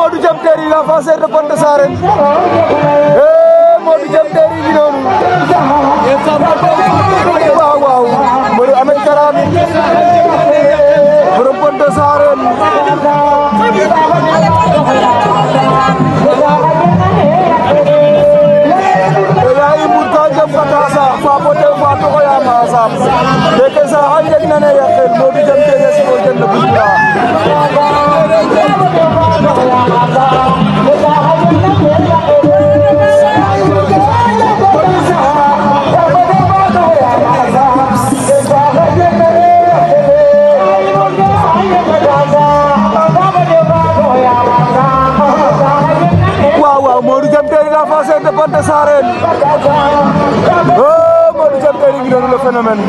modu lah, eh, jam teri la fa sedd pont sare e modu jam teri gi non e sa fa modu amel karam borom pont sare Elai muta jam katasa, fa pote fa tu koya masa. Deke sa hanyek nane yakin, mobi jam tege si waaw waaw Modou Diam Terry la face de Pointe Sarène oh Modou Diam Terry ngi doon le phénomène